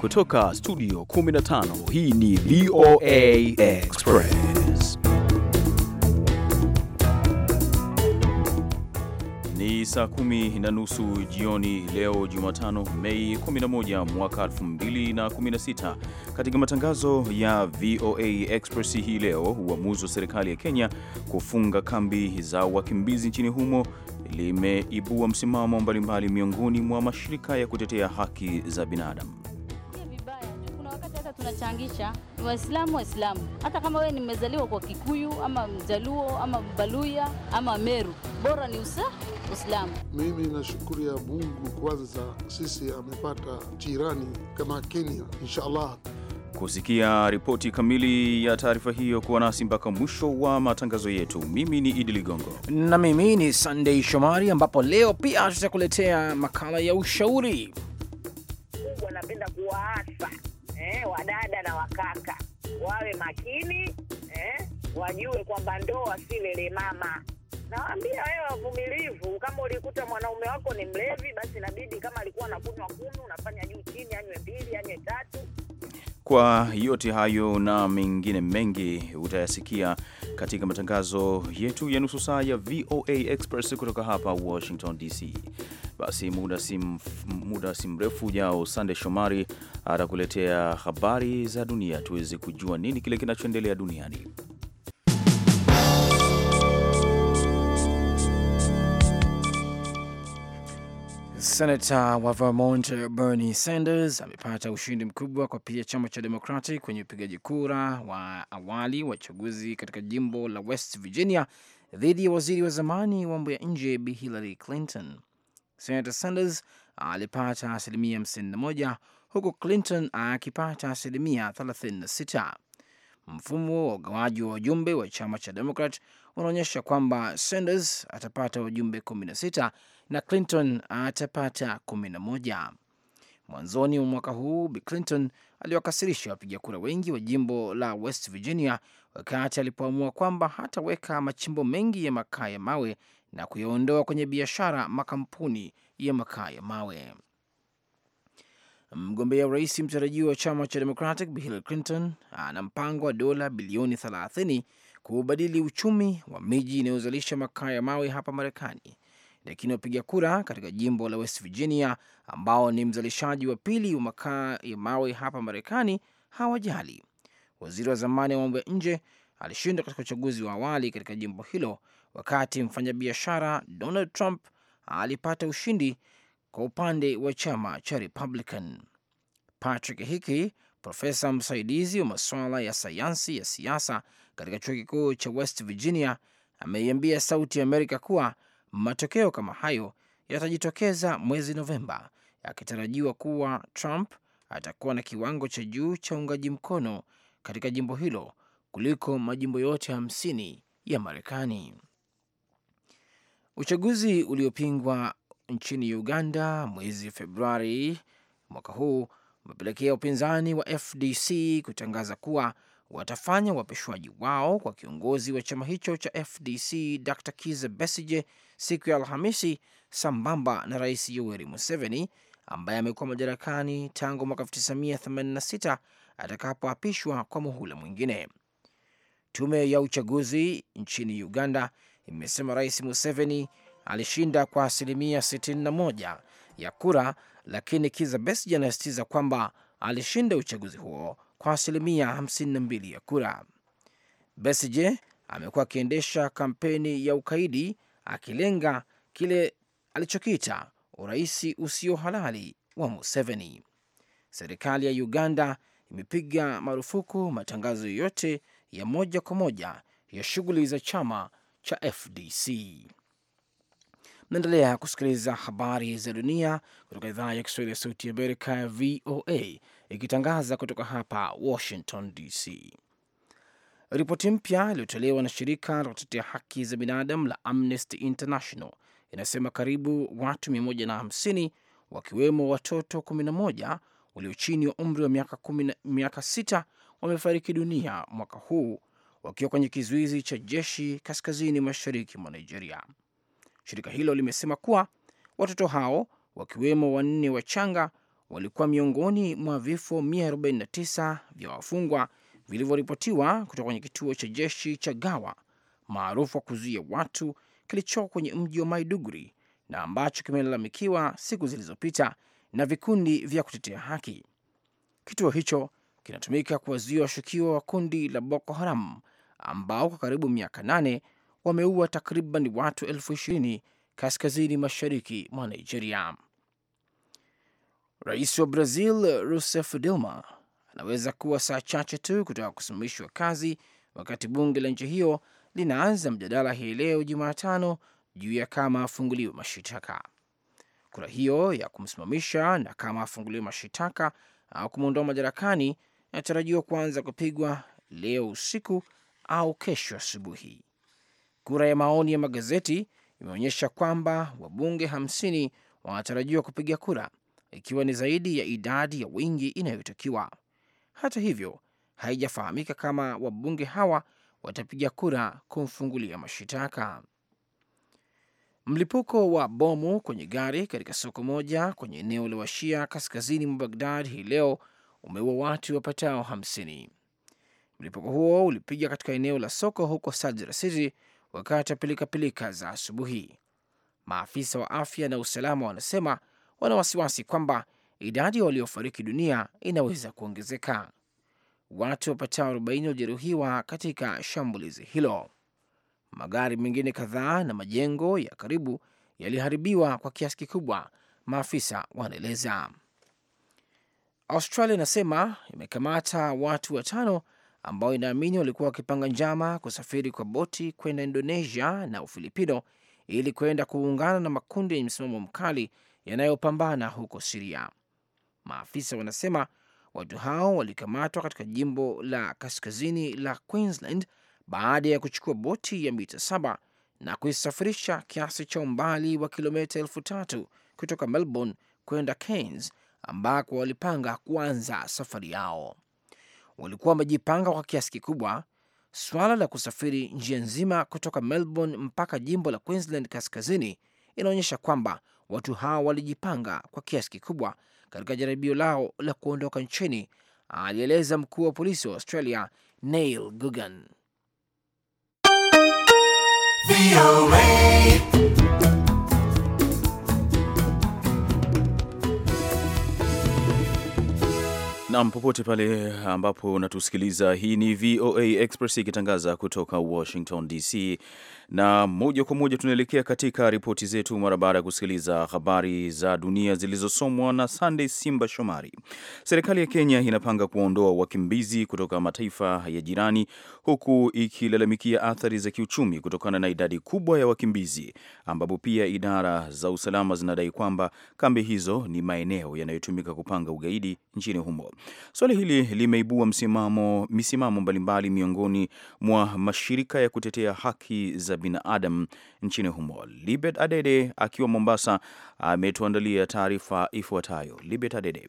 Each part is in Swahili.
Kutoka studio 15 hii ni VOA Express. Ni saa kumi na nusu jioni leo Jumatano, Mei 11 mwaka 2016. Katika matangazo ya VOA Express hii leo, uamuzi wa serikali ya Kenya kufunga kambi za wakimbizi nchini humo limeibua msimamo mbalimbali miongoni mwa mashirika ya kutetea haki za binadamu tunachangisha Waislamu Waislamu, hata kama wewe nimezaliwa kwa Kikuyu ama Mjaluo ama Mbaluya ama Meru, bora ni usa Uislamu. Mimi nashukuru ya Mungu kwanza, sisi amepata jirani kama Kenya, inshallah. Kusikia ripoti kamili ya taarifa hiyo, kuwa nasi mpaka mwisho wa matangazo yetu. Mimi ni Idi Ligongo na mimi ni Sunday Shomari, ambapo leo pia tutakuletea makala ya ushauri. Wanapenda kuwaasa wadada na wakaka wawe makini eh, wajue kwamba ndoa si lele mama. Nawaambia wewe wavumilivu, kama ulikuta mwanaume wako ni mlevi, basi inabidi kama alikuwa anakunywa kunu unafanya juu chini, anywe mbili, anywe tatu. Kwa yote hayo na mengine mengi utayasikia katika matangazo yetu ya nusu saa ya VOA Express kutoka hapa Washington DC. Basi muda si muda si mrefu ujao, Sande Shomari atakuletea habari za dunia, tuweze kujua nini kile kinachoendelea duniani. Senata wa Vermont Bernie Sanders amepata ushindi mkubwa kwa pia chama cha Demokrati kwenye upigaji kura wa awali wa chaguzi katika jimbo la West Virginia dhidi ya waziri wa zamani wa mambo ya nje Bi Hillary Clinton. Senator Sanders alipata asilimia 51 huku Clinton akipata asilimia 36. Mfumo wa ugawaji wa wajumbe wa chama cha Demokrat unaonyesha kwamba Sanders atapata wajumbe 16 na Clinton atapata kumi na moja. Mwanzoni mwa mwaka huu Bi Clinton aliwakasirisha wapiga kura wengi wa jimbo la West Virginia wakati alipoamua kwamba hataweka machimbo mengi ya makaa ya mawe na kuyaondoa kwenye biashara makampuni ya makaa ya mawe. Mgombea urais mtarajiwa wa chama cha Democratic Bi Hillary Clinton ana mpango wa dola bilioni 30 kuubadili uchumi wa miji inayozalisha makaa ya mawe hapa Marekani lakini wapiga kura katika jimbo la West Virginia ambao ni mzalishaji wa pili wa makaa ya mawe hapa Marekani hawajali. Waziri wa zamani wa mambo ya nje alishinda katika uchaguzi wa awali katika jimbo hilo, wakati mfanyabiashara Donald Trump alipata ushindi kwa upande wa chama cha Republican. Patrick Hickey, profesa msaidizi wa masuala ya sayansi ya siasa katika chuo kikuu cha West Virginia, ameiambia Sauti ya Amerika kuwa Matokeo kama hayo yatajitokeza mwezi Novemba, akitarajiwa kuwa Trump atakuwa na kiwango cha juu cha uungaji mkono katika jimbo hilo kuliko majimbo yote hamsini ya Marekani. Uchaguzi uliopingwa nchini Uganda mwezi Februari mwaka huu umepelekea upinzani wa FDC kutangaza kuwa watafanya uapishwaji wao kwa kiongozi wa chama hicho cha FDC Dr. Kiza Besige siku ya Alhamisi sambamba na Rais Yoweri Museveni ambaye amekuwa madarakani tangu mwaka 1986 atakapoapishwa kwa muhula mwingine. Tume ya uchaguzi nchini Uganda imesema Rais Museveni alishinda kwa asilimia 61 ya kura, lakini Kizza Besigye anasisitiza kwamba alishinda uchaguzi huo kwa asilimia 52 ya kura. Besigye amekuwa akiendesha kampeni ya ukaidi akilenga kile alichokita uraisi usio halali wa Museveni. Serikali ya Uganda imepiga marufuku matangazo yoyote ya moja kwa moja ya shughuli za chama cha FDC. Naendelea kusikiliza habari za dunia kutoka idhaa ya Kiswahili ya Sauti ya Amerika, VOA, ikitangaza kutoka hapa Washington DC. Ripoti mpya iliyotolewa na shirika la kutetea haki za binadamu la Amnesty International inasema karibu watu 150 wakiwemo watoto 11 walio chini ya umri wa miaka, kumina, miaka sita wamefariki dunia mwaka huu wakiwa kwenye kizuizi cha jeshi kaskazini mashariki mwa Nigeria. Shirika hilo limesema kuwa watoto hao wakiwemo wanne wachanga walikuwa miongoni mwa vifo 149 vya wafungwa vilivyoripotiwa kutoka kwenye kituo cha jeshi cha Gawa maarufu wa kuzuia watu kilichoko kwenye mji wa Maiduguri na ambacho kimelalamikiwa siku zilizopita na vikundi vya kutetea haki. Kituo hicho kinatumika kuwazuia washukiwa wa kundi la Boko Haram ambao kwa karibu miaka nane wameua takriban watu elfu ishirini kaskazini mashariki mwa Nigeria. Rais wa Brazil Rousseff Dilma anaweza kuwa saa chache tu kutoka kusimamishwa kazi, wakati bunge la nchi hiyo linaanza mjadala hii leo Jumatano juu ya kama afunguliwe mashitaka. Kura hiyo ya kumsimamisha na kama afunguliwe mashitaka au kumwondoa madarakani inatarajiwa kuanza kupigwa leo usiku au kesho asubuhi. Kura ya maoni ya magazeti imeonyesha kwamba wabunge hamsini wanatarajiwa kupiga kura, ikiwa ni zaidi ya idadi ya wingi inayotakiwa. Hata hivyo, haijafahamika kama wabunge hawa watapiga kura kumfungulia mashitaka. Mlipuko wa bomu kwenye gari katika soko moja kwenye eneo la Washia kaskazini mwa Bagdad hii leo umeua watu wapatao hamsini. Mlipuko huo ulipiga katika eneo la soko huko Sadra City wakati wa pilikapilika za asubuhi. Maafisa wa afya na usalama wanasema wana wasiwasi kwamba idadi waliofariki dunia inaweza kuongezeka. Watu wapatao 40 walijeruhiwa katika shambulizi hilo. Magari mengine kadhaa na majengo ya karibu yaliharibiwa kwa kiasi kikubwa, maafisa wanaeleza. Australia inasema imekamata watu watano ambao inaamini walikuwa wakipanga njama kusafiri kwa boti kwenda Indonesia na Ufilipino ili kwenda kuungana na makundi yenye msimamo mkali yanayopambana huko Siria. Maafisa wanasema watu hao walikamatwa katika jimbo la kaskazini la Queensland baada ya kuchukua boti ya mita saba na kuisafirisha kiasi cha umbali wa kilomita elfu tatu kutoka Melbourne kwenda Cairns ambako walipanga kuanza safari yao. Walikuwa wamejipanga kwa kiasi kikubwa. Swala la kusafiri njia nzima kutoka Melbourne mpaka jimbo la Queensland kaskazini inaonyesha kwamba watu hao walijipanga kwa kiasi kikubwa katika jaribio lao la kuondoka nchini, alieleza mkuu wa polisi wa Australia Neil Gugan. Nam, popote pale ambapo unatusikiliza, hii ni VOA Express ikitangaza kutoka Washington DC na moja kwa moja tunaelekea katika ripoti zetu mara baada ya kusikiliza habari za dunia zilizosomwa na Sunday Simba Shomari. Serikali ya Kenya inapanga kuondoa wakimbizi kutoka mataifa ya jirani, huku ikilalamikia athari za kiuchumi kutokana na idadi kubwa ya wakimbizi, ambapo pia idara za usalama zinadai kwamba kambi hizo ni maeneo yanayotumika kupanga ugaidi nchini humo. Swali hili limeibua msimamo misimamo mbalimbali miongoni mwa mashirika ya kutetea haki za binadamu nchini humo. Libet Adede akiwa Mombasa ametuandalia taarifa ifuatayo. Libet Adede.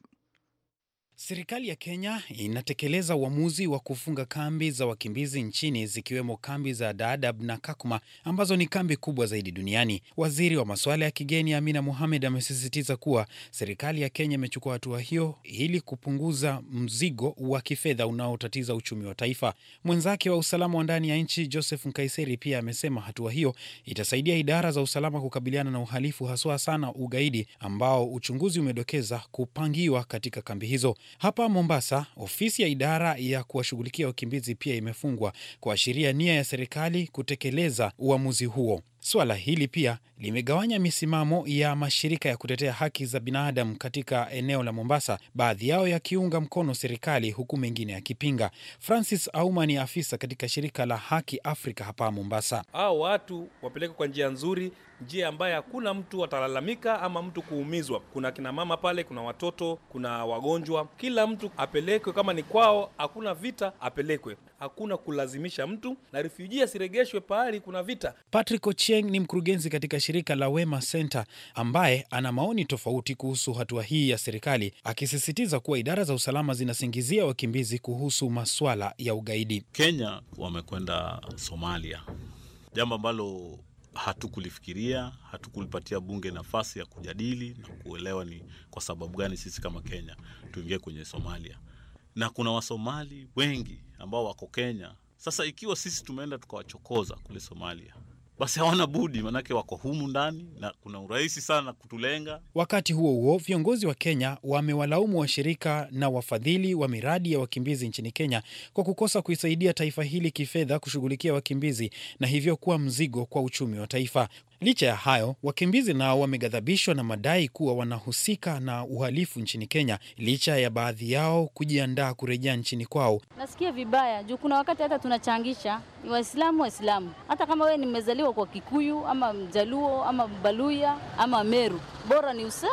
Serikali ya Kenya inatekeleza uamuzi wa kufunga kambi za wakimbizi nchini zikiwemo kambi za Dadaab na Kakuma ambazo ni kambi kubwa zaidi duniani. Waziri wa masuala ya kigeni Amina Mohamed amesisitiza kuwa serikali ya Kenya imechukua hatua hiyo ili kupunguza mzigo wa kifedha unaotatiza uchumi wa taifa. Mwenzake wa usalama wa ndani ya nchi Joseph Nkaiseri pia amesema hatua hiyo itasaidia idara za usalama kukabiliana na uhalifu haswa sana ugaidi ambao uchunguzi umedokeza kupangiwa katika kambi hizo. Hapa Mombasa, ofisi ya idara ya kuwashughulikia wakimbizi pia imefungwa kuashiria nia ya serikali kutekeleza uamuzi huo. Suala hili pia limegawanya misimamo ya mashirika ya kutetea haki za binadamu katika eneo la Mombasa, baadhi yao yakiunga mkono serikali huku mengine yakipinga. Francis Auma ni afisa katika shirika la Haki Afrika hapa Mombasa. Hao watu wapelekwe kwa njia nzuri, njia ambayo hakuna mtu atalalamika ama mtu kuumizwa. Kuna kina mama pale, kuna watoto, kuna wagonjwa, kila mtu apelekwe kama ni kwao, hakuna vita, apelekwe. Hakuna kulazimisha mtu, na refujia asiregeshwe pahali kuna vita. Patrick Ochi Ochieng ni mkurugenzi katika shirika la Wema Center ambaye ana maoni tofauti kuhusu hatua hii ya serikali, akisisitiza kuwa idara za usalama zinasingizia wakimbizi kuhusu maswala ya ugaidi. Kenya wamekwenda Somalia, jambo ambalo hatukulifikiria, hatukulipatia bunge nafasi ya kujadili na kuelewa ni kwa sababu gani sisi kama Kenya tuingie kwenye Somalia, na kuna Wasomali wengi ambao wako Kenya. Sasa ikiwa sisi tumeenda tukawachokoza kule Somalia, basi hawana budi, manake wako humu ndani na kuna urahisi sana kutulenga. Wakati huo huo, viongozi wa Kenya wamewalaumu washirika na wafadhili wa miradi ya wakimbizi nchini Kenya kwa kukosa kuisaidia taifa hili kifedha kushughulikia wakimbizi na hivyo kuwa mzigo kwa uchumi wa taifa. Licha ya hayo, wakimbizi nao wameghadhabishwa na madai kuwa wanahusika na uhalifu nchini Kenya, licha ya baadhi yao kujiandaa kurejea nchini kwao. Nasikia vibaya juu kuna wakati hata tunachangisha ni Waislamu Waislamu, hata kama wewe nimezaliwa kwa Kikuyu ama Mjaluo ama Mbaluya ama Meru, bora ni usa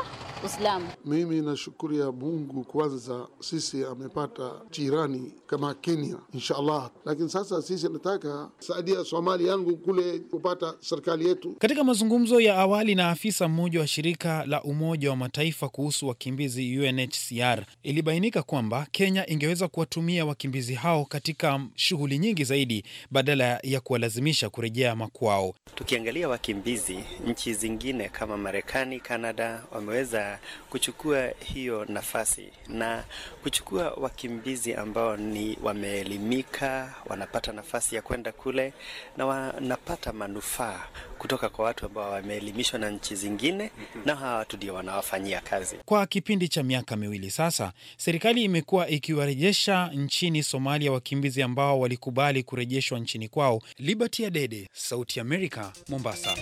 Uislamu. Mimi nashukuria ya Mungu kwanza, sisi amepata jirani kama Kenya inshaallah, lakini sasa sisi nataka saidia Somali yangu kule kupata serikali yetu. Katika mazungumzo ya awali na afisa mmoja wa shirika la Umoja wa Mataifa kuhusu wakimbizi UNHCR, ilibainika kwamba Kenya ingeweza kuwatumia wakimbizi hao katika shughuli nyingi zaidi badala ya kuwalazimisha kurejea makwao. Tukiangalia wakimbizi nchi zingine kama Marekani, Kanada wameweza kuchukua hiyo nafasi na kuchukua wakimbizi ambao ni wameelimika, wanapata nafasi ya kwenda kule na wanapata manufaa kutoka kwa watu ambao wameelimishwa na nchi zingine, na hawa watu ndio wanawafanyia kazi. Kwa kipindi cha miaka miwili sasa, serikali imekuwa ikiwarejesha nchini Somalia wakimbizi ambao walikubali kurejeshwa nchini kwao. Liberty Adede, Sauti ya Amerika, Mombasa.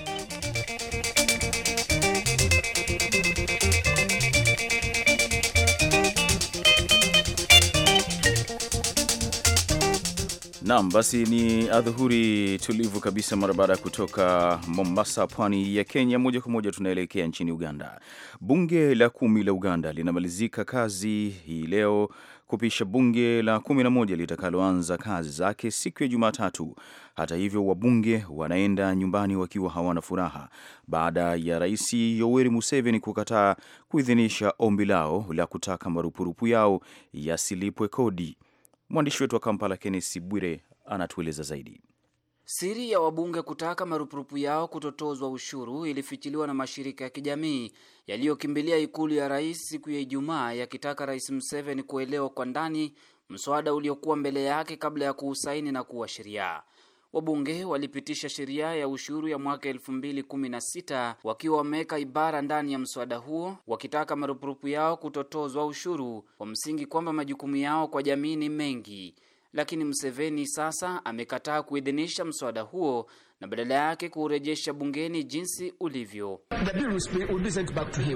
Naam, basi ni adhuhuri tulivu kabisa mara baada ya kutoka Mombasa, pwani ya Kenya. Moja kwa moja tunaelekea nchini Uganda. Bunge la kumi la Uganda linamalizika kazi hii leo kupisha bunge la kumi na moja litakaloanza kazi zake siku ya Jumatatu. Hata hivyo, wabunge wanaenda nyumbani wakiwa hawana furaha baada ya Rais Yoweri Museveni kukataa kuidhinisha ombi lao la kutaka marupurupu yao yasilipwe kodi. Mwandishi wetu wa Kampala, Kennesi Bwire, anatueleza zaidi. Siri ya wabunge kutaka marupurupu yao kutotozwa ushuru ilifichiliwa na mashirika ya kijamii yaliyokimbilia ikulu ya rais siku ya Ijumaa yakitaka Rais Museveni kuelewa kwa ndani mswada uliokuwa mbele yake kabla ya kuusaini na kuwa sheria wabunge walipitisha sheria ya ushuru ya mwaka 2016 wakiwa wameweka ibara ndani ya mswada huo wakitaka marupurupu yao kutotozwa ushuru kwa msingi kwamba majukumu yao kwa jamii ni mengi. Lakini Mseveni sasa amekataa kuidhinisha mswada huo na badala yake kuurejesha bungeni jinsi ulivyo.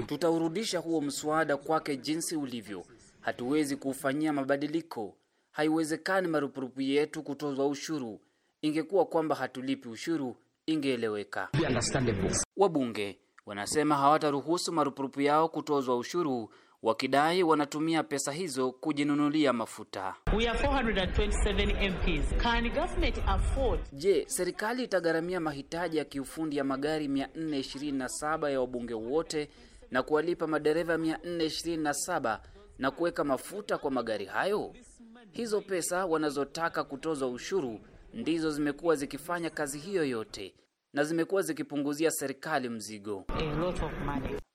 Tutaurudisha huo mswada kwake jinsi ulivyo, hatuwezi kuufanyia mabadiliko. Haiwezekani marupurupu yetu kutozwa ushuru ingekuwa kwamba hatulipi ushuru ingeeleweka. Wabunge wanasema hawataruhusu marupurupu yao kutozwa ushuru wakidai wanatumia pesa hizo kujinunulia mafuta. We are 427 MPs. Can government afford? Je, serikali itagharamia mahitaji ya kiufundi ya magari 427 ya wabunge wote na kuwalipa madereva 427 na kuweka mafuta kwa magari hayo? Hizo pesa wanazotaka kutozwa ushuru ndizo zimekuwa zikifanya kazi hiyo yote na zimekuwa zikipunguzia serikali mzigo.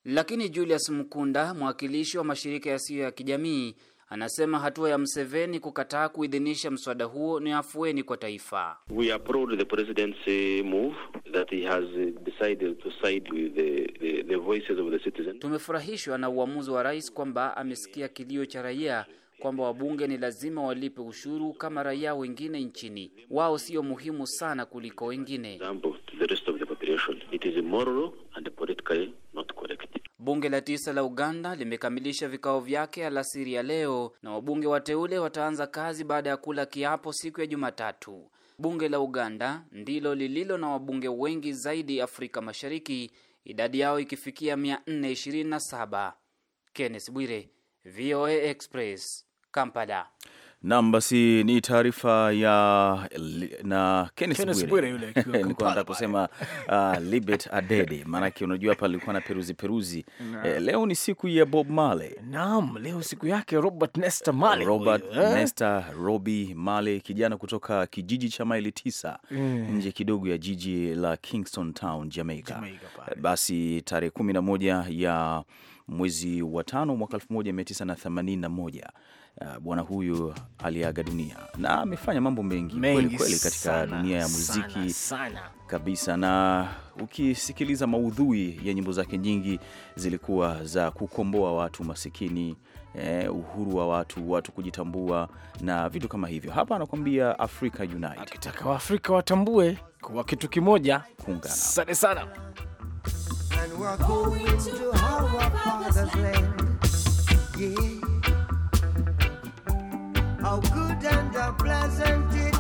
Lakini Julius Mkunda, mwakilishi wa mashirika yasiyo ya kijamii, anasema hatua ya Mseveni kukataa kuidhinisha mswada huo ni afueni kwa taifa. We applaud the president's move that he has decided to side with the, the, the voices of the citizens. Tumefurahishwa na uamuzi wa rais kwamba amesikia kilio cha raia kwamba wabunge ni lazima walipe ushuru kama raia wengine nchini. Wao sio muhimu sana kuliko wengine. Bunge la tisa la Uganda limekamilisha vikao vyake alasiri ya leo na wabunge wateule wataanza kazi baada ya kula kiapo siku ya Jumatatu. Bunge la Uganda ndilo lililo na wabunge wengi zaidi Afrika Mashariki, idadi yao ikifikia 427. Kenneth Bwire, VOA Express. Kampala. Nam, basi ni taarifa ya na Kenneth Bwire yule nilikuwa nataka kusema uh, Libet Adede, maanake unajua hapa alikuwa na peruzi peruzi eh, leo ni siku ya Bob Marley. Naam, leo siku yake Robert Nesta Marley, Robert eh, Nesta Robi Marley, kijana kutoka kijiji cha maili tisa mm, nje kidogo ya jiji la Kingston Town, Jamaica, Jamaica basi tarehe kumi na moja ya mwezi wa tano mwaka 1981 uh, bwana huyu aliaga dunia na amefanya mambo mengi kweli kweli katika sana, dunia ya muziki sana, sana kabisa. Na ukisikiliza maudhui ya nyimbo zake nyingi zilikuwa za kukomboa watu masikini, eh, uhuru wa watu, watu kujitambua na vitu kama hivyo. Hapa anakuambia Africa Unite, akitaka Waafrika watambue kuwa kitu kimoja, kuungana. Asante sana. and we're going, going to, to our Father's land. land. Yeah. How good and how pleasant it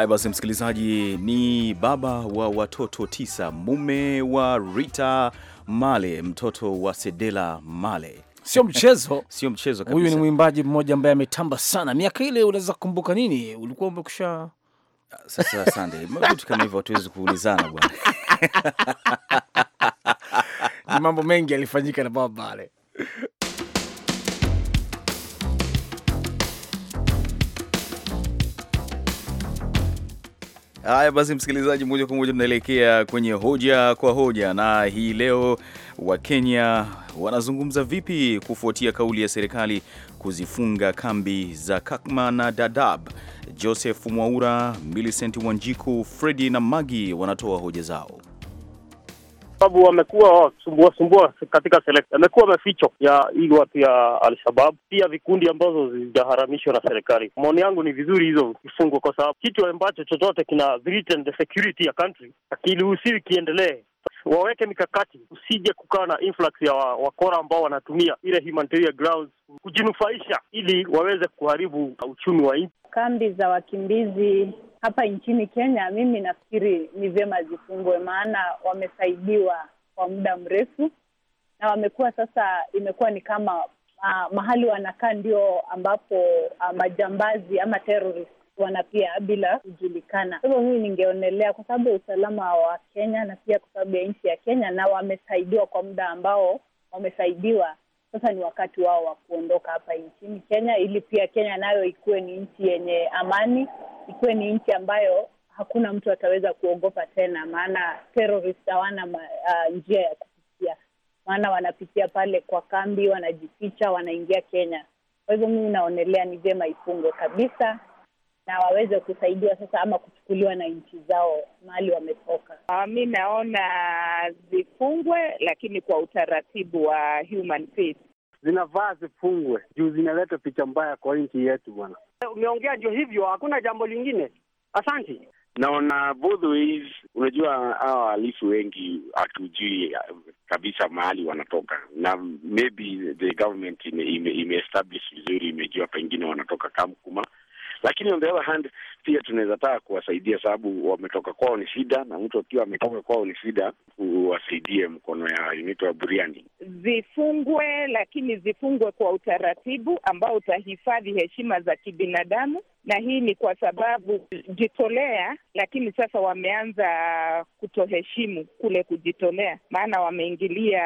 Haya basi, msikilizaji, ni baba wa watoto tisa, mume wa Rita Male, mtoto wa Sedela Male. Sio mchezo, sio mchezo kabisa. Huyu ni mwimbaji mmoja ambaye ametamba sana miaka ile. Unaweza kukumbuka nini? Ulikuwa umekusha sasa. Asante vitu kama hivyo hatuwezi kuulizana bwana. Mambo mengi yalifanyika na baba Male. Haya basi, msikilizaji, moja kwa moja tunaelekea kwenye hoja kwa hoja, na hii leo Wakenya wanazungumza vipi kufuatia kauli ya serikali kuzifunga kambi za Kakma na Dadaab? Joseph Mwaura, Millicent Wanjiku, Fredi na Magi wanatoa hoja zao sababu wamekuwa wasumbua sumbua katika selekta, amekuwa maficho ya hii watu ya Alshabab, pia vikundi ambazo zijaharamishwa na serikali. Maoni yangu ni vizuri hizo kifungwa kwa sababu kitu ambacho chochote kina threaten the security ya country akiruhusiwi kiendelee waweke mikakati, usije kukawa na influx ya wakora ambao wanatumia ile humanitarian grounds kujinufaisha, ili waweze kuharibu uchumi wa nchi. Kambi za wakimbizi hapa nchini Kenya, mimi nafikiri ni vyema zifungwe, maana wamesaidiwa kwa muda mrefu na wamekuwa sasa, imekuwa ni kama uh, mahali wanakaa ndio ambapo uh, majambazi ama terrorist wanapia bila kujulikana. Kwa hivyo mimi ningeonelea kwa sababu ya usalama wa Kenya na pia kwa sababu ya nchi ya Kenya, na wamesaidiwa kwa muda ambao wamesaidiwa sasa ni wakati wao wa kuondoka hapa nchini Kenya, ili pia Kenya nayo ikuwe ni nchi yenye amani ikuwe ni nchi ambayo hakuna mtu ataweza kuogopa tena, maana terrorist hawana uh, njia ya kupitia, maana wanapitia pale kwa kambi, wanajificha, wanaingia Kenya. Kwa hivyo mimi naonelea ni vyema ifungwe kabisa na waweze kusaidiwa sasa ama kuchukuliwa na nchi zao mahali wametoka. Ah, mi naona zifungwe, lakini kwa utaratibu wa human zifungwe juu zinaleta picha mbaya kwa nchi yetu bwana. Umeongea ndio hivyo, hakuna jambo lingine. Asante. Naona both ways, unajua hawa wahalifu wengi hatujui uh, kabisa mahali wanatoka, na maybe the government ime, ime, ime establish vizuri, imejua pengine wanatoka Kamkuma lakini on the other hand pia tunaweza taka kuwasaidia, sababu wametoka kwao ni shida, na mtu akiwa ametoka kwao ni shida, uwasaidie mkono ya inaitwa buriani. Zifungwe, lakini zifungwe kwa utaratibu ambao utahifadhi heshima za kibinadamu, na hii ni kwa sababu jitolea, lakini sasa wameanza kutoheshimu kule kujitolea, maana wameingilia,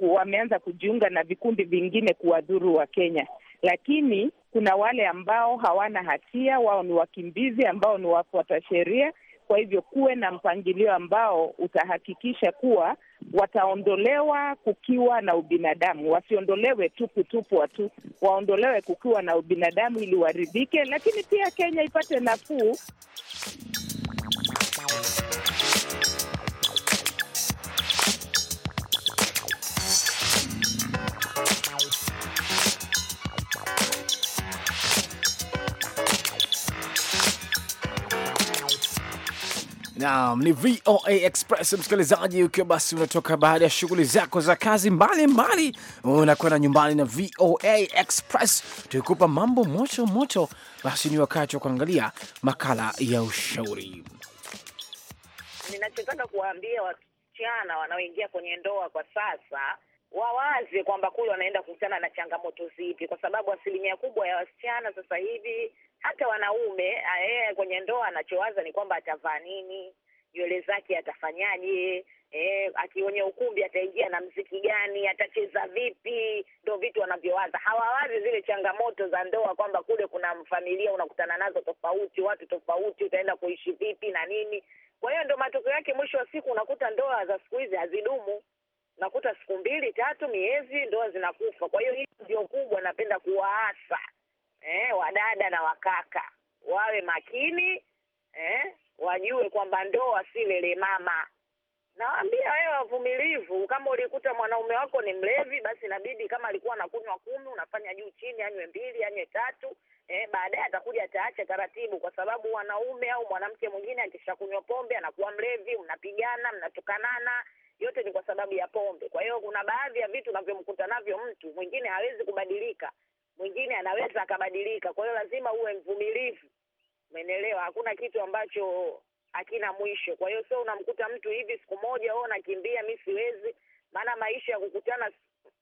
wameanza kujiunga na vikundi vingine kuwadhuru Wakenya, lakini kuna wale ambao hawana hatia, wao ni wakimbizi ambao ni wafuata sheria. Kwa hivyo kuwe na mpangilio ambao utahakikisha kuwa wataondolewa kukiwa na ubinadamu, wasiondolewe tu kutupwa tu, waondolewe kukiwa na ubinadamu ili waridhike, lakini pia Kenya ipate nafuu. Naam, ni VOA Express msikilizaji, ukiwa basi unatoka baada ya shughuli zako za kazi mbalimbali, unakwenda nyumbani na VOA Express tukikupa mambo moto moto, basi ni wakati wa kuangalia makala ya ushauri. Ninachotaka kuwaambia wasichana wanaoingia kwenye ndoa kwa sasa wawaze kwamba kule wanaenda kukutana na changamoto zipi, kwa sababu asilimia kubwa ya wasichana sasa hivi hata wanaume ae, ah, kwenye ndoa anachowaza ni kwamba atavaa nini, nywele zake atafanyaje, eh, akionye ukumbi ataingia na mziki gani, atacheza vipi, ndo vitu wanavyowaza. Hawawazi zile changamoto za ndoa, kwamba kule kuna familia unakutana nazo tofauti, watu tofauti, utaenda kuishi vipi na nini. Kwa hiyo ndo matokeo yake, mwisho wa siku unakuta ndoa za siku hizi hazidumu nakuta siku mbili tatu, miezi, ndoa zinakufa. Kwa hiyo hii ndio kubwa, napenda kuwaasa eh, wadada na wakaka wawe makini eh, wajue kwamba ndoa si lele mama. Nawaambia wewe wavumilivu. Kama ulikuta mwanaume wako ni mlevi, basi inabidi kama alikuwa anakunywa kumi, unafanya juu chini, anywe mbili, anywe tatu eh, baadaye atakuja ataacha taratibu, kwa sababu wanaume au mwanamke mwingine akishakunywa pombe anakuwa mlevi, mnapigana, mnatukanana yote ni kwa sababu ya pombe. Kwa hiyo kuna baadhi ya vitu unavyomkuta navyo mtu mwingine, hawezi kubadilika, mwingine anaweza akabadilika. Kwa hiyo lazima uwe mvumilivu, umeelewa? Hakuna kitu ambacho hakina mwisho. Kwa hiyo sio unamkuta mtu hivi siku moja wewe oh, unakimbia, mimi siwezi. Maana maisha ya kukutana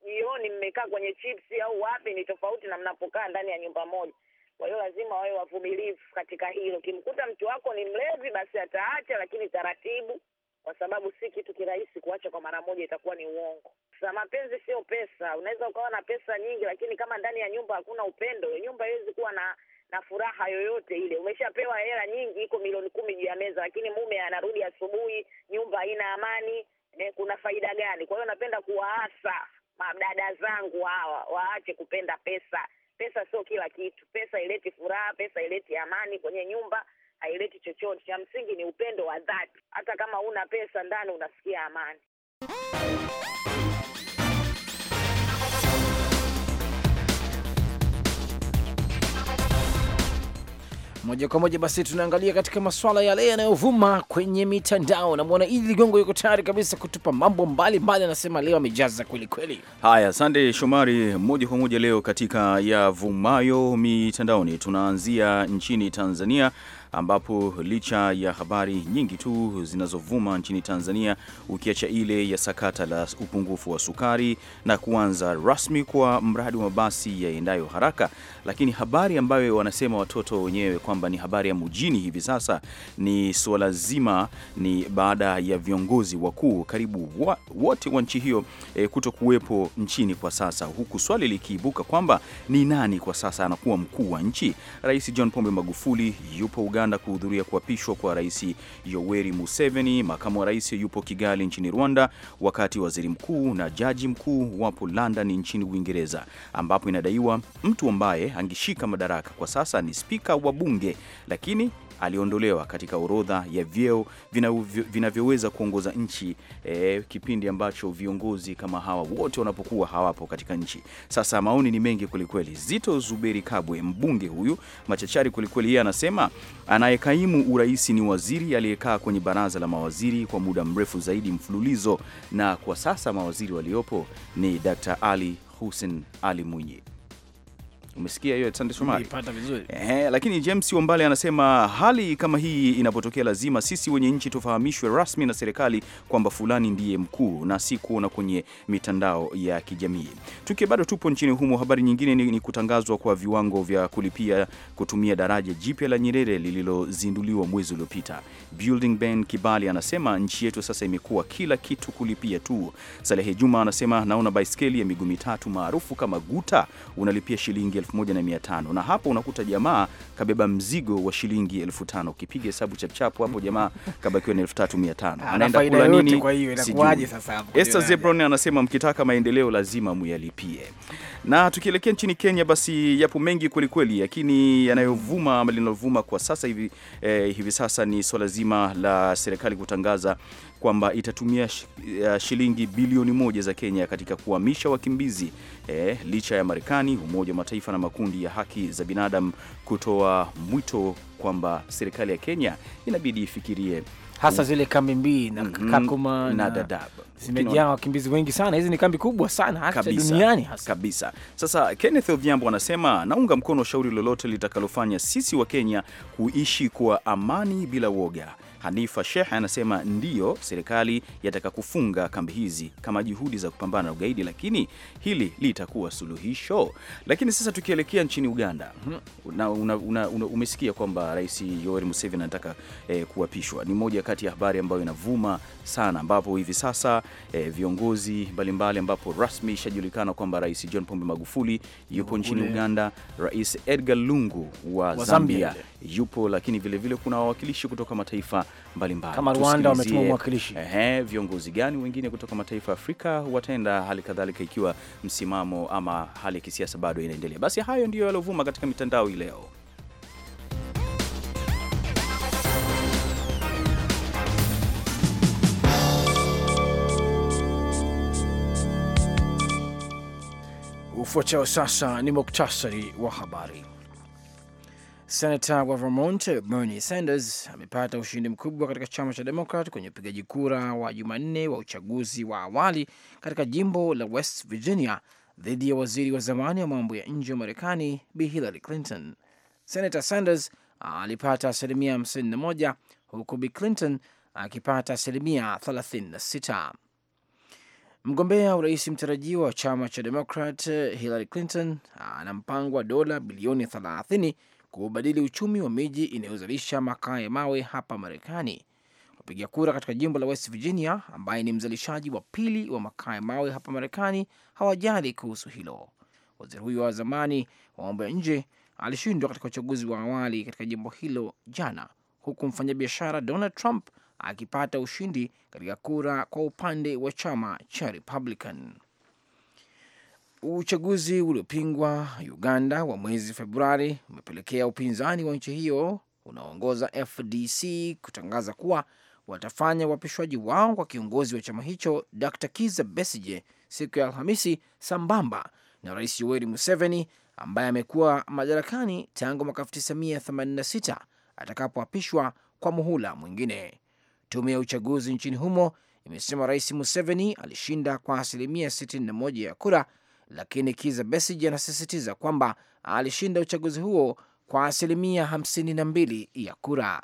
jioni mmekaa kwenye chipsi au wapi ni tofauti na mnapokaa ndani ya nyumba moja. Kwa hiyo lazima wawe wavumilivu katika hilo. Ukimkuta mtu wako ni mlevi, basi ataacha, lakini taratibu kwa sababu si kitu kirahisi kuacha kwa mara moja, itakuwa ni uongo. Sa mapenzi sio pesa. Unaweza ukawa na pesa nyingi, lakini kama ndani ya nyumba hakuna upendo, nyumba haiwezi kuwa na na furaha yoyote ile. Umeshapewa hela nyingi, iko milioni kumi juu ya meza, lakini mume anarudi asubuhi, nyumba haina amani ne, eh, kuna faida gani? Kwa hiyo napenda kuwaasa madada zangu hawa waache kupenda pesa. Pesa sio kila kitu. Pesa ileti furaha, pesa ileti amani kwenye nyumba, haileti chochote. Cha msingi ni upendo wa dhati. Hata kama una pesa ndani, unasikia amani. Moja kwa moja basi, tunaangalia katika masuala yale yanayovuma kwenye mitandao. Namwona Idi Ligongo yuko tayari kabisa kutupa mambo mbalimbali, anasema leo amejaza kweli kweli. Haya, asante Shomari. Moja kwa moja leo katika yavumayo mitandaoni, tunaanzia nchini Tanzania ambapo licha ya habari nyingi tu zinazovuma nchini Tanzania, ukiacha ile ya sakata la upungufu wa sukari na kuanza rasmi kwa mradi wa mabasi yaendayo haraka, lakini habari ambayo wanasema watoto wenyewe kwamba ni habari ya mjini hivi sasa ni suala zima, ni baada ya viongozi wakuu karibu wa, wote wa nchi hiyo e, eh, kuto kuwepo nchini kwa sasa, huku swali likiibuka kwamba ni nani kwa sasa anakuwa mkuu wa nchi. Rais John Pombe Magufuli yupo Uganda Uganda kuhudhuria kuapishwa kwa Rais Yoweri Museveni. Makamu wa rais yupo Kigali nchini Rwanda, wakati waziri mkuu na jaji mkuu wapo London nchini Uingereza, ambapo inadaiwa mtu ambaye angeshika madaraka kwa sasa ni spika wa bunge, lakini aliondolewa katika orodha ya vyeo vinavyoweza kuongoza nchi e, kipindi ambacho viongozi kama hawa wote wanapokuwa hawapo katika nchi. Sasa maoni ni mengi kwelikweli. Zito Zuberi Kabwe, mbunge huyu machachari kwelikweli, yeye anasema anayekaimu urais ni waziri aliyekaa kwenye baraza la mawaziri kwa muda mrefu zaidi mfululizo, na kwa sasa mawaziri waliopo ni Dr. Ali Hussein Ali Mwinyi. Umesikia hiyo Sande Shomari? Ipata vizuri. Eh, lakini James Wambale anasema hali kama hii inapotokea, lazima sisi wenye nchi tufahamishwe rasmi na serikali kwamba fulani ndiye mkuu na si kuona kwenye mitandao ya kijamii. Tukiwa bado tupo nchini humo, habari nyingine ni, ni kutangazwa kwa viwango vya kulipia kutumia daraja jipya la Nyerere lililozinduliwa mwezi uliopita. Building Ben Kibali anasema nchi yetu sasa imekuwa kila kitu kulipia tu. Salehe Juma anasema naona baiskeli ya miguu mitatu maarufu kama guta unalipia shilingi 1500 na, hapo unakuta jamaa kabeba mzigo wa shilingi 1500 ukipiga hesabu chapchapu hapo jamaa kabakiwa na 3500 anaenda kula nini? Kwa hiyo inakuaje sasa hapo? Esther Zebron anasema mkitaka maendeleo lazima muyalipie. Na tukielekea nchini Kenya, basi yapo mengi kwelikweli, lakini yanayovuma ama linalovuma kwa sasa hivi, eh, hivi sasa ni swala zima la serikali kutangaza kwamba itatumia eh, shilingi bilioni moja za Kenya katika kuhamisha wakimbizi eh, licha ya Marekani, Umoja wa Mataifa na makundi ya haki za binadamu kutoa mwito kwamba serikali ya Kenya inabidi ifikirie hasa zile kambi mbili na mm -hmm. Kakuma na Dadaab zimejaa wakimbizi wengi sana. Hizi ni kambi kubwa sana hata duniani hasa kabisa. Sasa Kenneth Odhiambo anasema naunga mkono shauri lolote litakalofanya sisi wa Kenya kuishi kwa amani bila woga. Hanifa Sheikh anasema ndiyo, serikali yataka kufunga kambi hizi kama juhudi za kupambana na ugaidi, lakini hili litakuwa suluhisho. Lakini sasa tukielekea nchini Uganda, una, hmm, una, una, una, umesikia kwamba Rais Yoweri Museveni anataka eh, kuapishwa. Ni moja kati ya habari ambayo inavuma sana, ambapo hivi sasa eh, viongozi mbalimbali, ambapo rasmi ishajulikana kwamba Rais John Pombe Magufuli yupo nchini Uganda, Rais Edgar Lungu wa, wa Zambia, Zambia yupo, lakini vilevile vile kuna wawakilishi kutoka mataifa mbalimbali kama Rwanda wametuma mwakilishi. Ehe, viongozi gani wengine kutoka mataifa ya Afrika wataenda, hali kadhalika ikiwa msimamo ama hali ya kisiasa bado inaendelea. Basi hayo ndiyo yaliovuma katika mitandao hii leo. Ufuatao sasa ni muktasari wa habari. Senata wa Vermont Bernie Sanders amepata ushindi mkubwa katika chama cha Demokrat kwenye upigaji kura wa Jumanne wa uchaguzi wa awali katika jimbo la West Virginia dhidi ya waziri wa zamani wa mambo ya nje wa Marekani Bi Hillary Clinton. Senata Sanders alipata asilimia 51 huku Bi Clinton akipata asilimia 36. Mgombea urais mtarajiwa wa chama cha Demokrat Hillary Clinton ana mpango wa dola bilioni 30 kuubadili uchumi wa miji inayozalisha makaa ya mawe hapa Marekani. Wapiga kura katika jimbo la West Virginia, ambaye ni mzalishaji wa pili wa makaa ya mawe hapa Marekani, hawajali kuhusu hilo. Waziri huyo wa zamani wa mambo ya nje alishindwa katika uchaguzi wa awali katika jimbo hilo jana, huku mfanyabiashara Donald Trump akipata ushindi katika kura kwa upande wa chama cha Republican. Uchaguzi uliopingwa Uganda wa mwezi Februari umepelekea upinzani wa nchi hiyo unaoongoza FDC kutangaza kuwa watafanya uapishwaji wao kwa kiongozi wa chama hicho Dr Kiza Besige siku ya Alhamisi, sambamba na Rais Yoweri Museveni ambaye amekuwa madarakani tangu mwaka 1986 atakapoapishwa kwa muhula mwingine. Tume ya uchaguzi nchini humo imesema Rais Museveni alishinda kwa asilimia 61 ya kura lakini Kiza Besige anasisitiza kwamba alishinda uchaguzi huo kwa asilimia 52 ya kura.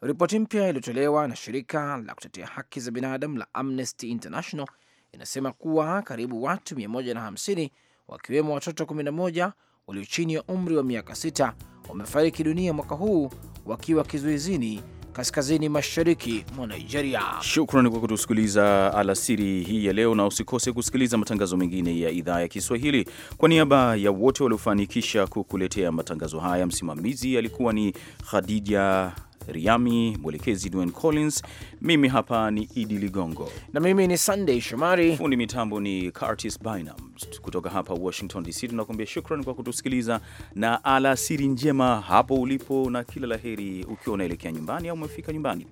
Ripoti mpya iliyotolewa na shirika la kutetea haki za binadamu la Amnesty International inasema kuwa karibu watu 150 wakiwemo watoto 11 walio chini ya umri wa miaka 6 wamefariki dunia mwaka huu wakiwa kizuizini kaskazini mashariki mwa Nigeria. Shukrani kwa kutusikiliza alasiri hii ya leo, na usikose kusikiliza matangazo mengine ya idhaa ya Kiswahili. Kwa niaba ya wote waliofanikisha kukuletea matangazo haya, msimamizi alikuwa ni Khadija Riami, mwelekezi Dwayne Collins. Mimi hapa ni Idi Ligongo na mimi ni Sunday Shomari. Fundi mitambo ni Curtis Bynum. Kutoka hapa Washington DC tunakuambia shukran kwa kutusikiliza na alasiri njema hapo ulipo, na kila laheri ukiwa unaelekea nyumbani au umefika nyumbani.